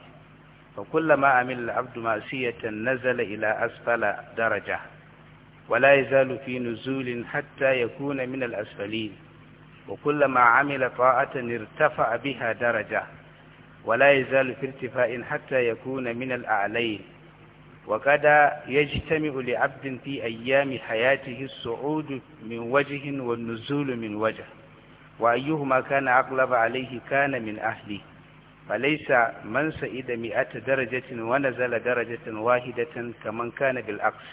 فكلما عمل العبد معصية نزل إلى أسفل درجة ولا يزال في نزول حتى يكون من الأسفلين وكلما عمل طاعة ارتفع بها درجة ولا يزال في ارتفاع حتى يكون من الأعلين وقد يجتمع لعبد في أيام حياته الصعود من وجه والنزول من وجه وأيهما كان أقلب عليه كان من أهله فليس من سئد مئة درجة ونزل درجة واحدة كمن كان بالعكس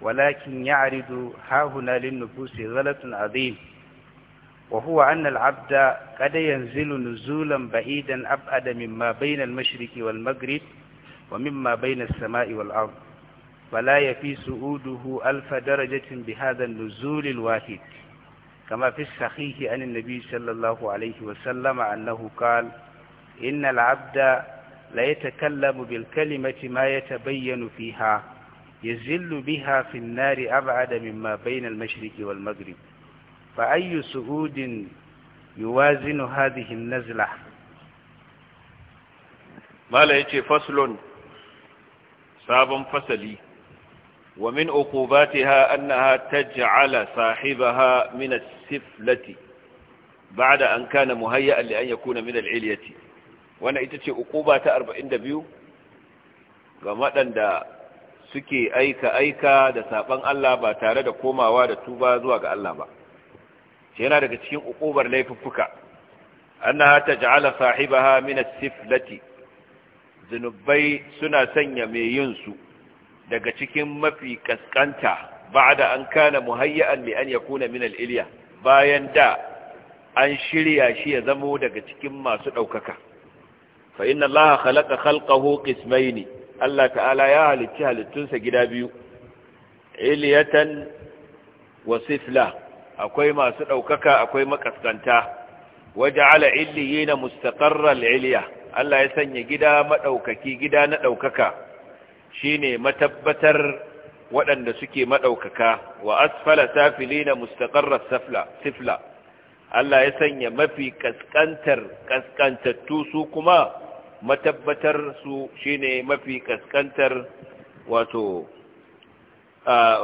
ولكن يعرض هاهنا للنفوس غلط عظيم وهو أن العبد قد ينزل نزولا بعيدا أبعد مما بين المشرق والمغرب ومما بين السماء والأرض فلا يفي سعوده ألف درجة بهذا النزول الواحد كما في الصحيح عن النبي صلى الله عليه وسلم أنه قال إن العبد لا يتكلم بالكلمة ما يتبين فيها يزل بها في النار أبعد مما بين المشرق والمغرب فأي سعود يوازن هذه النزلة ما لا يتي فصل صعب فصلي ومن عقوباتها أنها تجعل صاحبها من السفلة بعد أن كان مهيئا لأن يكون من العلية وانا ita أقوبات أربعين دبيو 42 دا suke aika aika da saban Allah ba tare da komawa da tuba zuwa ga Allah ba shi yana daga cikin ukubar laifuffuka annaha ja'ala sahiba min as-siflati zunubai suna sanya mai yin su daga cikin mafi kaskanta ba'da an kana muhayya'an li an yakuna min al-ilya bayan da an shirya shi ya zamo daga cikin masu ɗaukaka. fa inna Allah khalaqa khalqahu qismayni Allah ta'ala ya halicci halittunsa gida biyu iliyatan wa sifla akwai masu ɗaukaka akwai makaskanta waje ala illiyi na mustaƙarar iliya Allah ya sanya gida maɗaukaki gida na ɗaukaka shi ne matabbatar waɗanda suke maɗaukaka wa asfala safili na mustaƙarar sifla Allah ya sanya mafi kaskantar kaskantattu su kuma matabbatar su shine mafi kaskantar wato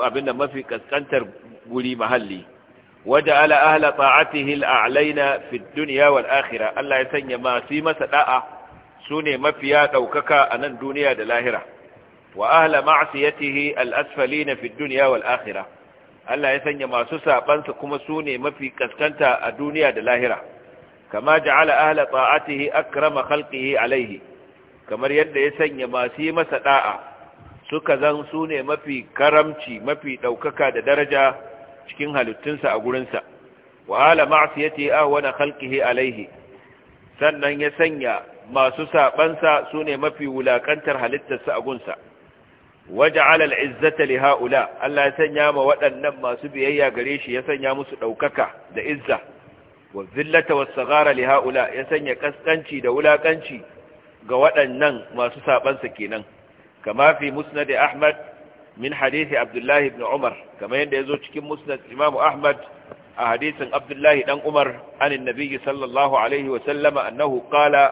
abinda mafi kaskantar guri mahalli wada ala ahla ta'atihi al'alaina fi dunya wal akhirah Allah ya sanya masu masa da'a sune mafiya daukaka a nan duniya da lahira wa ahla ma'siyatihi al'asfalina fi dunya wal akhirah Allah ya sanya masu sabansa kuma sune mafi kaskanta a duniya da lahira kama ja'ala ahla ta'atihi akrama khalqihi alaihi kamar yadda ya sanya masu yi masa da'a suka zan su ne mafi karamci mafi daukaka da daraja cikin halittunsa a gurinsa wa ala ma'siyati ahwana khalqihi alaihi sannan ya sanya masu sabansa su ne mafi wulakantar halittarsa a gunsa waja'ala al'izzata li haula Allah ya sanya ma waɗannan masu biyayya gare shi ya sanya musu daukaka da izza wa zillata was sagara li ya sanya kaskanci da wulakanci ga waɗannan masu saɓansa kenan kama fi musnad ahmad min hadisi abdullahi ibn umar kama yadda zo cikin musnad imamu ahmad a hadisin abdullahi dan umar anin nabiyyi sallallahu alaihi wa annahu kala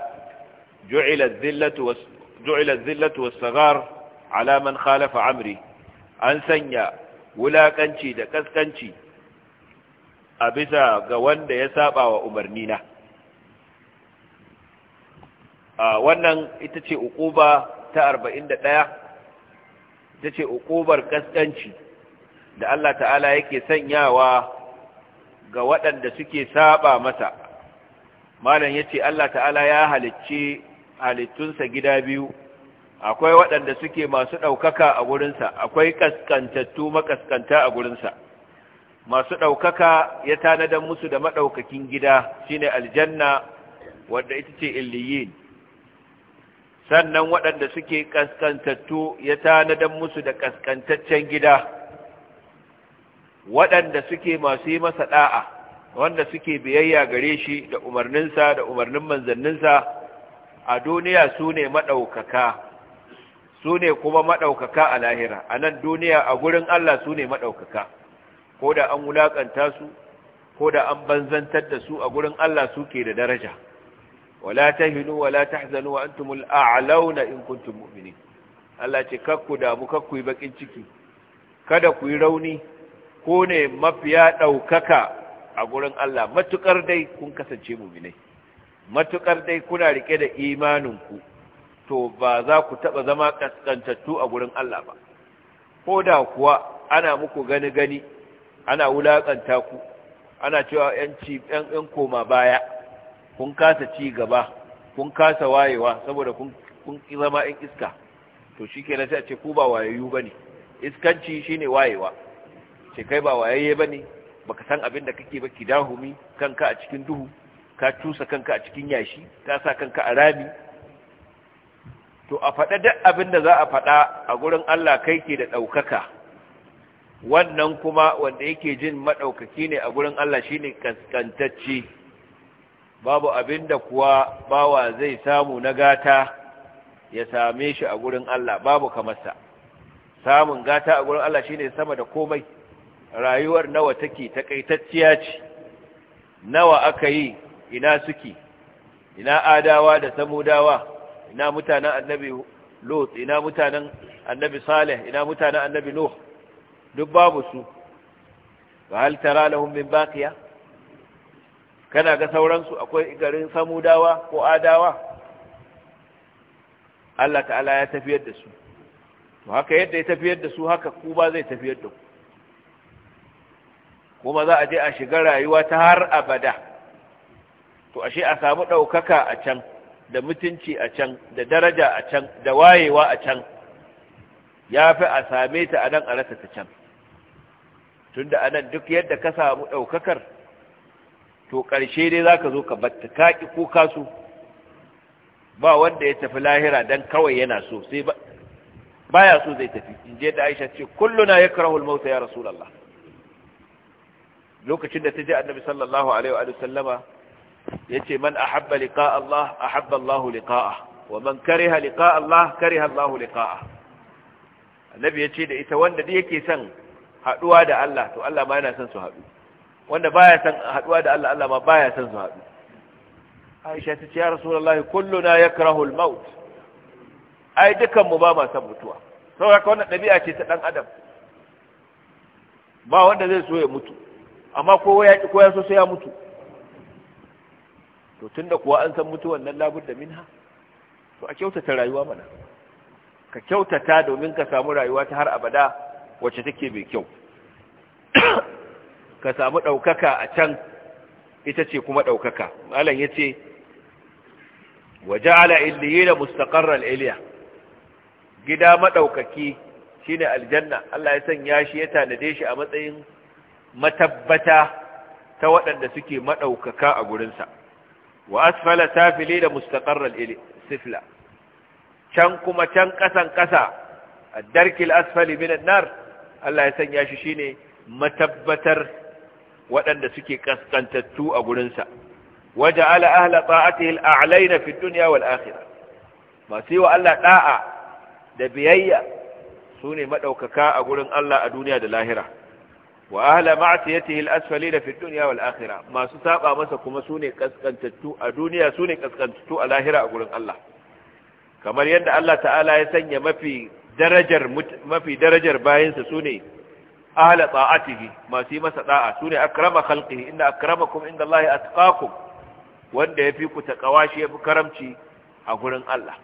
ju'ila adh-dhillatu was ala man khalafa amri an sanya wulakanci da kaskanci a bisa ga wanda ya saba wa umarni na wannan ita ce uquba ta 41 ita ce uqubar kaskanci da Allah ta'ala yake sanyawa ga waɗanda suke saba masa malam yace Allah ta'ala ya halicci halittunsa gida biyu akwai waɗanda suke masu ɗaukaka a gurinsa akwai kaskantattu makaskanta a gurinsa masu ɗaukaka ya tanadan musu da maɗaukakin gida shine aljanna wadda ita ce illiyin sannan waɗanda suke ƙasƙantattu ya tanadan musu da ƙasƙantaccen gida waɗanda suke masu yi masa ɗa'a wanda suke biyayya gare shi da umarninsa da umarnin manzanninsa a duniya su ne maɗaukaka su ne kuma maɗaukaka a lahira a nan duniya a gurin Allah su ne maɗaukaka ko da an wulakanta su ko da an banzantar da su a gurin Allah suke da daraja wala tahinu wala tahzanu wa antumul a'launa in kuntum mu'minin Allah ce kakku damu kakku yi bakin ciki kada ku yi rauni ko ne mafiya daukaka a gurin Allah matukar dai kun kasance mu'minai matukar dai kuna rike da imanin ku to ba za ku taba zama kaskantattu a gurin Allah ba ko da kuwa ana muku gani gani ana wulaƙanta ku ana cewa yanci yan koma baya kun kasa ci gaba kun kasa wayewa saboda kun kun zama yan iska to shikenan sai a ce ku ba wayayyu bane iskanci shine wayewa ce kai ba wayayye bane baka san abin da kake ba kidahumi kanka a cikin duhu ka cusa kanka a cikin yashi ka sa kanka a rami to a faɗa duk abin da za a faɗa a gurin Allah kai ke da ɗaukaka wannan kuma wanda yake jin madaukaki ne a gurin Allah shine kaskantacci. babu abin da kuwa bawa zai samu na gata ya same shi a gurin Allah babu kamar sa samun gata a gurin Allah shine sama da komai rayuwar nawa take takaitacciya ce nawa aka yi ina suke ina adawa da samudawa ina mutanen annabi lot ina mutanen annabi salih ina mutanen annabi nuh duk babu su ga hal tara lahum min kana ga sauransu akwai garin samudawa ko adawa Allah ta'ala ya tafiyar da su to haka yadda ya tafiyar da su haka kuba zai tafiyar da ku kuma za a je a shiga rayuwa ta har abada to ashe a samu ɗaukaka a can da mutunci a can da daraja a can da wayewa a can ya fi a same ta a nan a rasa ta can tunda anan duk yadda ka samu ɗaukakar to ƙarshe dai za ka zo ka batta kaƙi ko kasu ba wanda ya tafi lahira dan kawai yana so sai ba ya so zai tafi in je da aisha ce kulluna ya karahul mauta ya rasulallah lokacin da ta ji annabi sallallahu alaihi wa sallama ya ce man ahabba liqa'a Allah ahabba Allah liqa'a wa man kariha liqa'a Allah kariha Allah liqa'a annabi ya ce da ita wanda da yake son Haɗuwa da Allah to Allah ma yana son su haɗu wanda baya son haɗuwa da Allah Allah ma baya son su haɗu Aisha ta ce ya Rasulullahi kulluna yakrahu al-maut ai dukan mu ba ma son mutuwa saboda wannan dabi'a ce ta dan adam ba wanda zai so ya mutu amma kowa ya ki koya so sai ya mutu to tunda kuwa an san mutuwan nan labudda minha to a kyautata rayuwa mana ka kyautata domin ka samu rayuwa ta har abada wacce take mai kyau ka samu ɗaukaka a can ita ce kuma ɗaukaka malam ya ce wa ja'ala da mustaqarral iliya gida maɗaukaki shi ne aljanna Allah ya sanya shi ya tanade shi a matsayin matabbata ta waɗanda suke maɗaukaka a gurinsa wa asfala fili da mustaqarral sifla can kuma can ƙasan ƙasa A darkil asfali minan nar Allah ya sanya shi shi ne. matabbatar waɗanda suke kaskantattu a gurinsa waje ala ahla ta'atihi al'alaina fi dunya wal akhirah masu yi wa Allah da'a da biyayya su ne madaukaka a gurin Allah a duniya da lahira wa ahla ma'siyatihi al-asfalina fi dunya wal akhirah masu saba masa kuma su ne kaskantattu a duniya su ne kaskantattu a lahira a gurin Allah kamar yadda Allah ta'ala ya sanya mafi darajar mafi darajar bayinsa su ne ahla ta'atihi masu yi masa da'a sune akrama khalqihi inna akramakum inda Allah atqakum wanda yafi ku takawa shi yafi karamci a gurin Allah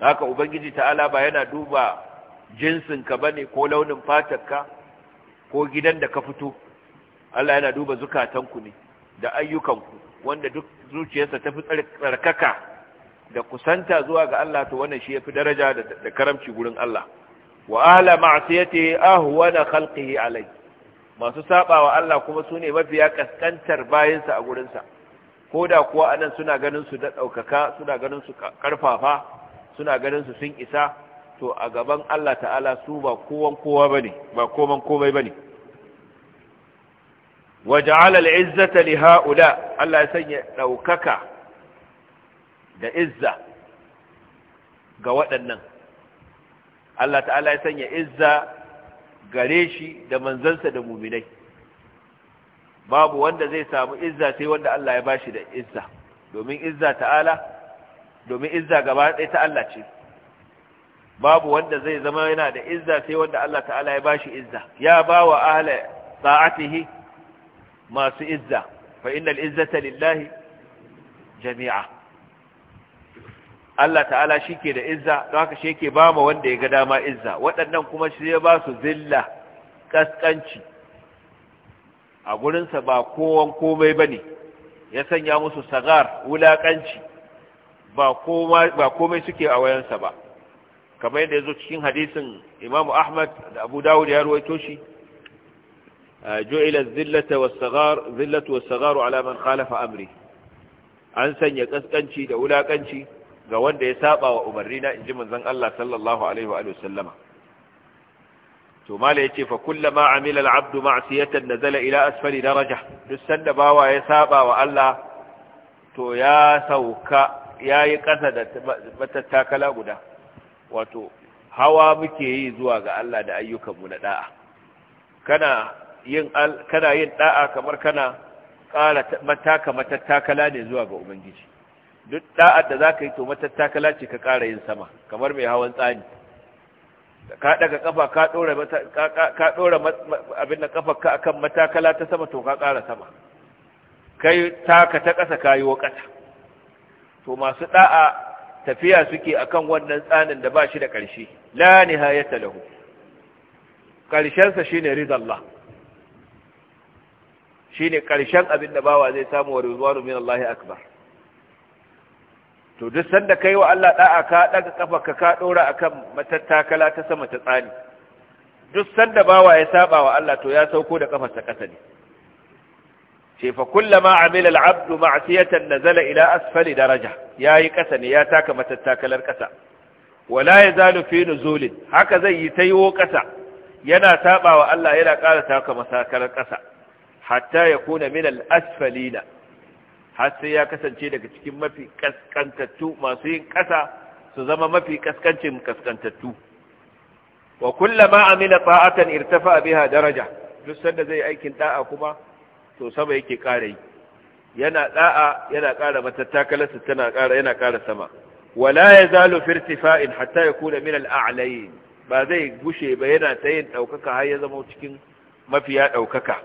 haka ubangiji ta'ala ba yana duba jinsin ka bane ko launin fatarka ko gidan da ka fito Allah yana duba zukatanku ne da ku wanda duk zuciyarsa ta fi tsarkaka da kusanta zuwa ga Allah to wannan shi yafi daraja da karamci gurin Allah wa ala ma'siyati ahwana khalqihi alai masu saba wa Allah kuma sune mafiya kaskantar bayansa a gurin sa koda kuwa anan suna ganin su da daukaka suna ganin su karfafa suna ganin su sun isa to a gaban Allah ta'ala su ba kowan kowa bane ba koman komai bane waja'ala al-izzata li ha'ula Allah ya sanya daukaka da izza ga waɗannan Allah ta'ala ya sanya izza gare shi da manzansa da muminai babu wanda zai samu izza sai wanda Allah ya bashi da izza domin izza ta'ala domin izza gaba ɗaya ta Allah ce babu wanda zai zama yana da izza sai wanda Allah ta'ala ya bashi izza ya bawa ahla sa'atihi masu izza fa innal izzata lillahi jami'a Allah ta'ala shi ke da izza don haka shi yake ba ma wanda ya ga dama izza waɗannan kuma shi ya ba su zilla kaskanci a gurinsa ba kowan komai ba ne ya sanya musu sagar wulaƙanci ba komai suke a wayansa ba kamar yadda ya zo cikin hadisin Imam ahmad da abu dawud ya ruwaito shi jo'ila zillata was sagaru ala khalafa amri an sanya ƙasƙanci da wulaƙanci ga wanda ya saba wa umarni na inji manzon Allah sallallahu alaihi wa sallama to mala ce fa kullama amila al-abdu ma'siyatan nazala ila asfali daraja duk sanda bawa ya saba wa Allah to ya sauka yayi kasa da matattakala guda wato hawa muke yi zuwa ga Allah da ayyukanmu na da'a kana yin kana yin da'a kamar kana ƙara mataka matattakala ne zuwa ga ubangiji duk da'ar da za ka yi to matattakala ce ka ƙara yin sama kamar mai hawan tsani ka daga kafa ka ɗora abin da kafa ka akan matakala ta sama to ka ƙara sama kai taka ta ƙasa ka yi wa ƙasa to masu da'a tafiya suke akan wannan tsanin da ba shi da ƙarshe la nihayata lahu ƙarshensa shine ridallah shine ƙarshen abin da bawa zai samu wa rizwanu min akbar to duk sanda kai wa Allah ɗa'a ka ɗaga kafa ka ka a kan matattakala ta sama ta tsani duk sanda bawa ya saba wa Allah to ya sauko da kafarsa kasa ne ce fa kullama amila al-abdu ma'siyatan nazala ila asfali daraja yayi ƙasa ne ya taka matattakalar ƙasa. wala yazalu fi nuzulin haka zai yi taiwo ƙasa. yana saba wa Allah yana ƙara taka masakalar ƙasa. hatta ya min al-asfalina har sai ya kasance daga cikin mafi kaskantattu masu yin ƙasa su zama mafi kaskancin kaskantattu wa kullama amila ta'atan irtafa biha daraja duk sanda zai aikin da'a kuma to sama yake kare. yana da'a yana ƙara tana yana kara sama wala yazalu fi irtifa'in hatta yakuna min al ba zai gushe ba yana ta yin ɗaukaka har ya zama cikin mafiya ɗaukaka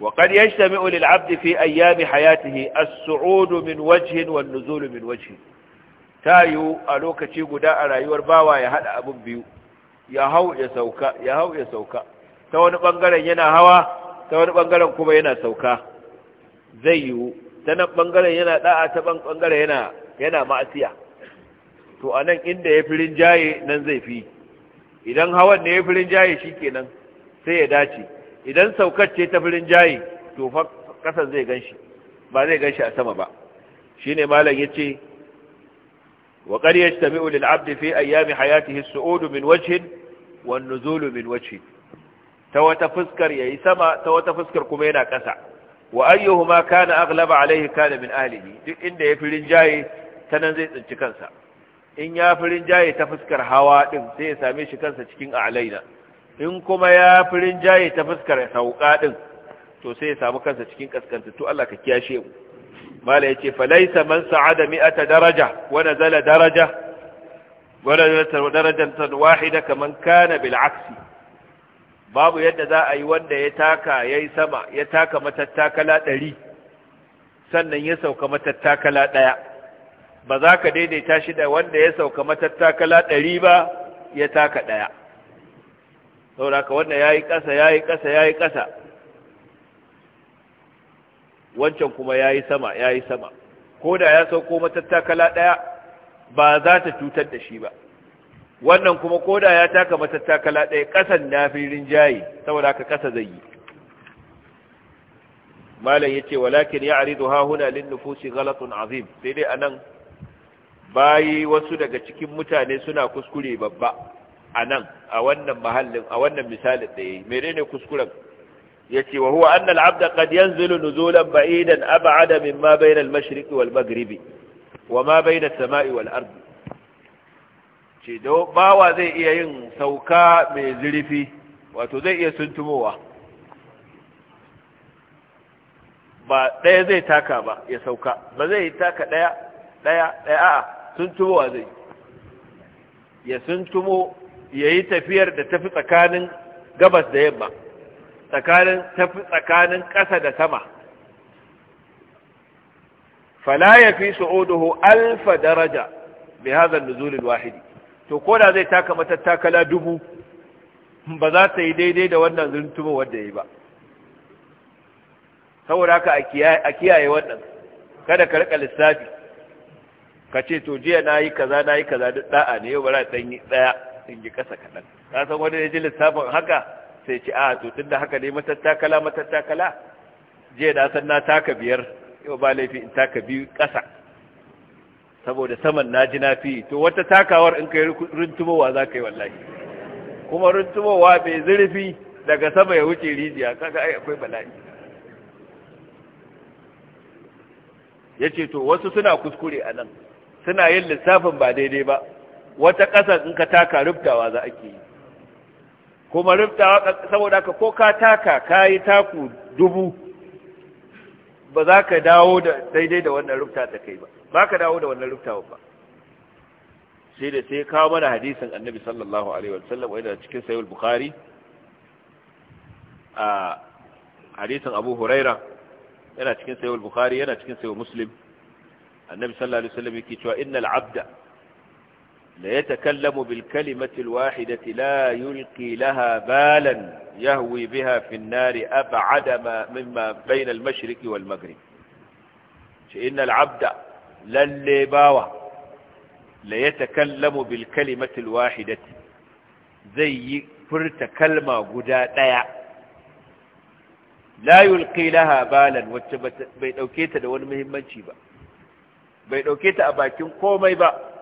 وقد يجتمع للعبد في أيام حياته السعود من وجه والنزول من وجه تايو ألوك تيقو داء رايور باوا يهد أبو بيو يهو يسوكا يهو يسوكا توني بانقالا ينا هوا توني بانقالا كوبا ينا سوكا زيو تنب بانقالا ينا داء تبان بانقالا ينا ينا معسيا تو a nan inda جاي ننزي فيه nan هوا fi جاي شيكي نن سيداتي idan saukar ce ta firin jayi to fa kasan zai ganshi ba zai ganshi a sama ba shine malam yace wa qad yajtami'u lil 'abd fi ayami hayatihi as-su'udu min wajhin wan nuzulu min wajhin ta wata fuskar yayi sama ta wata fuskar kuma yana kasa wa ayyuhuma kana aghlaba alayhi kana min ahlihi duk inda ya firin jayi ta zai tsinci kansa in ya firin jayi ta fuskar hawa din sai ya same shi kansa cikin a'laina in kuma ya firin jaye ta fuskar sauka din to sai ya samu kansa cikin kaskantattu Allah ka kiyashe mu mala yace laysa man sa'ada mi'ata daraja wa nazala daraja wa nazala darajatan wahida kaman kana bil aksi babu yadda za a yi wanda ya taka yayi sama ya taka matattakala 100 sannan ya sauka matattakala ɗaya ba za ka daidaita shi da wanda ya sauka matattakala ɗari ba ya taka ɗaya saboda haka wannan yayi kasa yayi kasa yayi kasa wancan kuma yayi sama yayi sama ko da ya sauko matattakala daya ba za ta cutar da shi ba wannan kuma ko da ya taka matattakala daya kasan nafirin jayi saboda ka kasa zai yi malam yace walakin ya'ridu ha huna lin nufusi ghalatun azim sai dai anan bayi wasu daga cikin mutane suna kuskure babba a nan a wannan mahallin a wannan misalin da yayi ne kuskuren yace wa huwa anna al-abd qad yanzilu nuzulan ba'idan ab'ada mimma bayna al-mashriq wal maghrib wa ma bayna as-sama'i wal ard ce do bawa zai iya yin sauka mai zurfi wato zai iya suntumowa ba ɗaya zai taka ba ya sauka ba zai taka ɗaya ɗaya ɗaya a Suntumowa tumo a zai ya sun ya yi tafiyar da tafi tsakanin gabas da yamma tsakanin tafi tsakanin ƙasa da sama fala ya fi su'uduhu alfa daraja bi hadha an-nuzul al-wahidi to koda zai taka matattakala dubu ba za ta yi daidai da wannan zuntuma wanda yayi ba saboda ka a kiyaye wannan kada ka rika lissafi ka ce to jiya nayi kaza nayi kaza duk da'a ne yau bara ta yi daya sun yi ƙasa kaɗan ka san wani ne ji lissafin haka sai ci a ah, to da haka ne matattakala matattakala jiya na san na taka biyar yau ba laifi in taka biyu ƙasa saboda saman na ji na fi to wata takawar in kai runtumowa za ka yi wallahi kuma runtumowa mai zurfi daga sama ya wuce rijiya kaga ai akwai bala'i ya to wasu suna kuskure anan, suna yin lissafin ba daidai ba wata ƙasar in ka taka rubtawa za ke yi kuma rubtawa saboda ka ko ka taka ka yi taku dubu ba za ka dawo da daidai da wannan rubta ta kai ba ba ka dawo da wannan rubtawa ba sai da sai kawo mana hadisin annabi sallallahu alaihi wasallam da cikin sahih bukhari a hadisin abu huraira yana cikin sahih bukhari yana cikin sahih muslim annabi sallallahu alaihi wasallam yake cewa innal abda ليتكلم بالكلمة الواحدة لا يلقي لها بالا يهوي بها في النار أبعد ما مما بين المشرق والمغرب إن العبد للباوة ليتكلم بالكلمة الواحدة زي فرت كلمة قداء لا لا يلقي لها بالا وتبت بين اوكيتا دون مهمة شيبا بين اوكيتا أباكين قومي بقى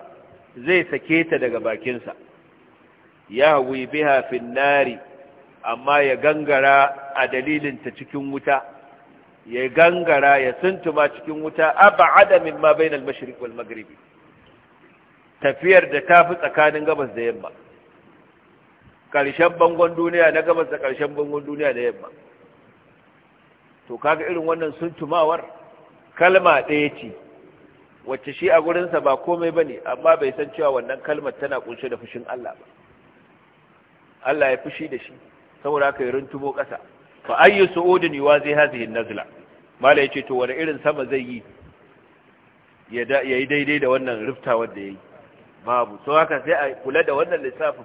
zai sake ta daga bakinsa ya hawi biha fin nari amma ya gangara a dalilin ta cikin wuta ya gangara ya suntuma cikin wuta ma mimma bainal mashriq wal maghrib tafiyar da ta fi tsakanin gabas da yamma karshen bangon duniya na gabas da karshen bangon duniya da yamma to kaga irin wannan suntumawar kalma ɗaya ce wacce shi a gurinsa ba komai ba ne amma bai san cewa wannan kalmar tana kunshe da fushin Allah ba Allah ya fushi da shi saboda haka ya rintubo ƙasa fa ayyu su'udin yuwazi hadhihi nazla mala yace to wani irin sama zai yi ya yi daidai da wannan rifta wanda yayi babu so haka sai a kula da wannan lissafin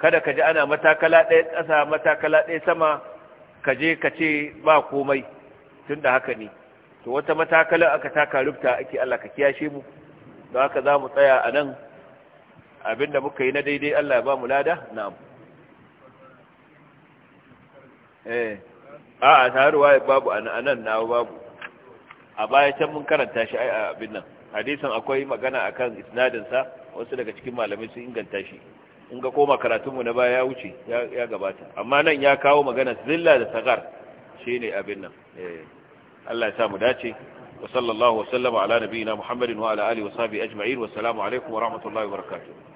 kada ka ji ana matakala ɗaya ƙasa matakala ɗaya sama ka je ka ce ba komai tunda haka ne to wata matakalar aka taka rubuta ake Allah ka kiyashe mu don haka za mu tsaya a nan abinda muka yi na daidai Allah ya ba mu lada na'am eh a a ya babu a nan na babu a baya can mun karanta shi a abin nan hadisin akwai magana a kan isnadinsa wasu daga cikin malamai sun inganta shi in ga koma karatunmu na baya ya wuce ya gabata amma nan ya kawo magana zilla da sagar shine abin nan eh Allah ya sa mu dace wa sallallahu wa sallama ala nabiyina Muhammadin wa ala alihi wa sahbihi ajma'in wa assalamu alaikum wa rahmatullahi wa barakatuh